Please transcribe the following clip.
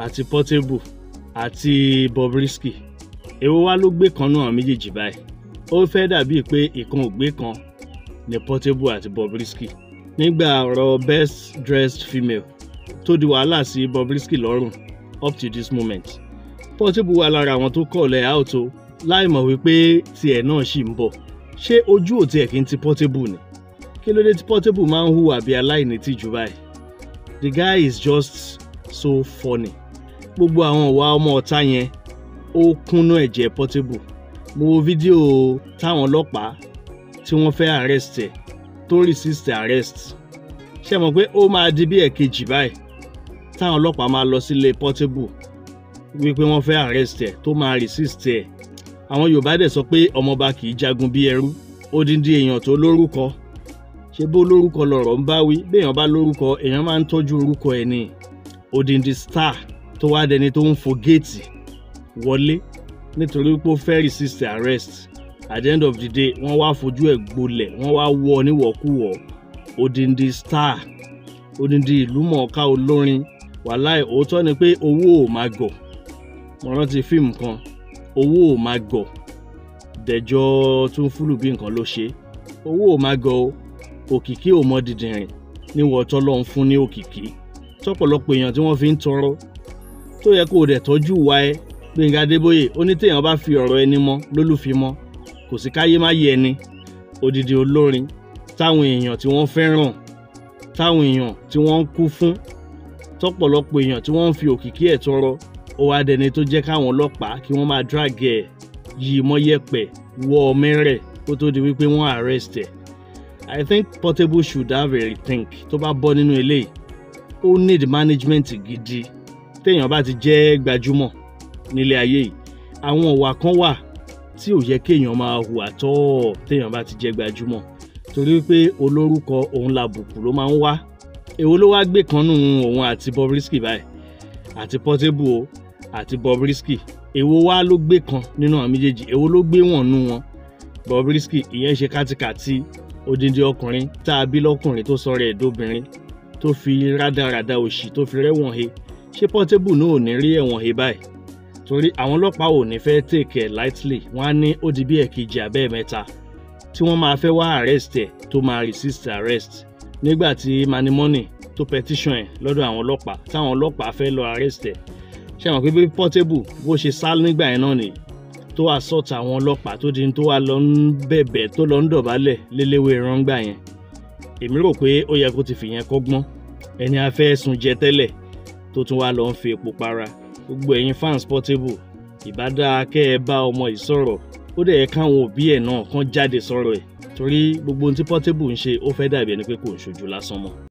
àti Portable àti Bobrisky èwo wá ló gbé kan náà méjèèjì báyìí ó fẹ́ dàbí pé ìkan ò kan ní Portable àti Bobrisky nígbà ọ̀rọ̀ best dressed female tó di wàhálà sí Bobrisky lọ́rùn up to this moment Portable wà lára àwọn tó kọ̀ọ̀lẹ̀ out o láì mọ̀ wípé tiẹ̀ náà ṣì ń bọ̀ ṣé ojú ò tiẹ̀ kí n ti Portable ni kí ló dé tí Portable máa ń hùwà bí aláìní tìjú báyìí the guy is just so funny gbogbo àwọn ìwà ọmọ ọ̀tá yẹn ó kúnnú ẹ̀jẹ̀ Portable mo wo fídíò táwọn ọlọ́pàá tí wọ́n fẹ́ arrest ẹ̀ tó resist arrest ṣe mọ̀ pé ó máa di bí ẹ̀kejì báyìí táwọn ọlọ́pàá máa lọ sílé Portable wípé wọ́n fẹ́ arrest ẹ̀ tó máa resist ẹ̀ àwọn Yorùbá dẹ̀ sọ pé ọmọọba kì í jagun bí ẹrú odindi èèyàn tó lórúkọ ṣe bó lórúkọ lọ̀rọ̀ ń bá wí béèyàn bá lórúkọ èèyàn máa ń tọ́jú orúkọ ẹ̀ ní odindi star tó wá dẹni tó ń fo géètì wọlé nítorí pé ó fẹ́ resist arrest at the end of the day wọ́n wá fojú ẹ̀ gbolẹ̀ wọ́n wá wọ níwọ̀kúwọ̀ odindi star odindi ìlú mọ̀ọ́ká olórin wàláì òótọ́ ni pé owó ò máa gọ̀ mo rántí fíìmù kan owó ò máa gọ̀ dẹjọ́ tún fúlù bí nǹkan ló ṣe owó ò máa gọ̀ òkìkí ò mọ dìdìrìn níwọ̀ tọ́lọ́ ń fún ní òkìkí tọ́pọ̀lọpọ̀ èèyàn tí wọ́n fi ń tọrọ tó yẹ kó o dẹ̀ tọ́jú wa ẹ Gbẹ̀ngà Adébóyè ó ní fi ọ̀rọ̀ ẹni mọ́ lólùfín kò sí káyé má yẹ ẹni odidi olórin táwọn èèyàn tí wọ́n fẹ́ràn táwọn èèyàn tí wọ́n ń kú fún tọ́pọ̀lọpọ̀ èèyàn tí wọ́n ń fi òkìkí ẹ̀ tọrọ ó wá dẹni tó jẹ́ káwọn ọlọ́pàá kí wọ́n máa drag ẹ̀ yí mọ́ yẹ̀pẹ̀ wọ mẹ́rẹ̀ kó tó di wípé wọ́n arrest ẹ̀ I think Portable should have a rethink tó bá bọ́ nínú eléyìí ó need management gidi téèyàn bá ti jẹ́ gbajúmọ̀ nílé ayé yìí àwọn ọ̀wà kan wà tí ò yẹ kéèyàn máa hùwà tọ́ téèyàn bá ti jẹ́ gbajúmọ̀ torí pé olórúkọ òun làbùkù ló máa ń wá èwo ló wá gbé kan nù òun àti Bobrisky báyìí àti Portable o àti Bobrisky èwo wá ló gbé kan nínú àwọn méjèèjì èwo ló gbé wọn nù wọn Bobrisky ìyẹn ṣe kátikàti odindi ọkùnrin tá a bí lọkùnrin tó sọ̀rọ̀ ẹ̀ tó fi rádaràda òṣì tó fi rẹ́wọ̀n he ṣé Portable náà ò ní rí ẹ̀wọ̀n he báyìí torí àwọn ọlọ́pàá ò ní fẹ́ take ẹ̀ lightly wọ́n á ní ó di bí ẹ̀kejì abẹ́ẹ̀mẹ́ta tí wọ́n máa fẹ́ wá arrest ẹ̀ tó máa resist arrest nígbà tí Manimoni tó petition ẹ̀ lọ́dọ̀ àwọn ọlọ́pàá táwọn ọlọ́pàá fẹ́ lọ arrest ẹ̀ ṣe àwọn pé bí Portable bó ṣe sá nígbà yẹn náà nìyí tó assault àwọn ọlọ́pàá tó di tó wá lọ ń bẹ̀bẹ̀ tó lọ ń dọ̀bálẹ̀ léléwé rangba yẹn èmi rò pé ó yẹ kó ti fìyẹn kọ́gbọ́n ẹni a fẹ́ sùn jẹ tẹ́lẹ̀ tó tún wá lọ ń fi epo para gbogbo ẹ̀yin fans Portable ìbádá kẹ́ ẹ bá ọmọ yìí sọ̀rọ̀ ó dẹ̀ yẹ káwọn òbí ẹ̀ náà kàn jáde sọ̀rọ̀ ẹ̀ torí gbogbo ohun tí Portable ń ṣe ó fẹ́ dàbí ẹni pé kò ń ṣojú lásán mọ́.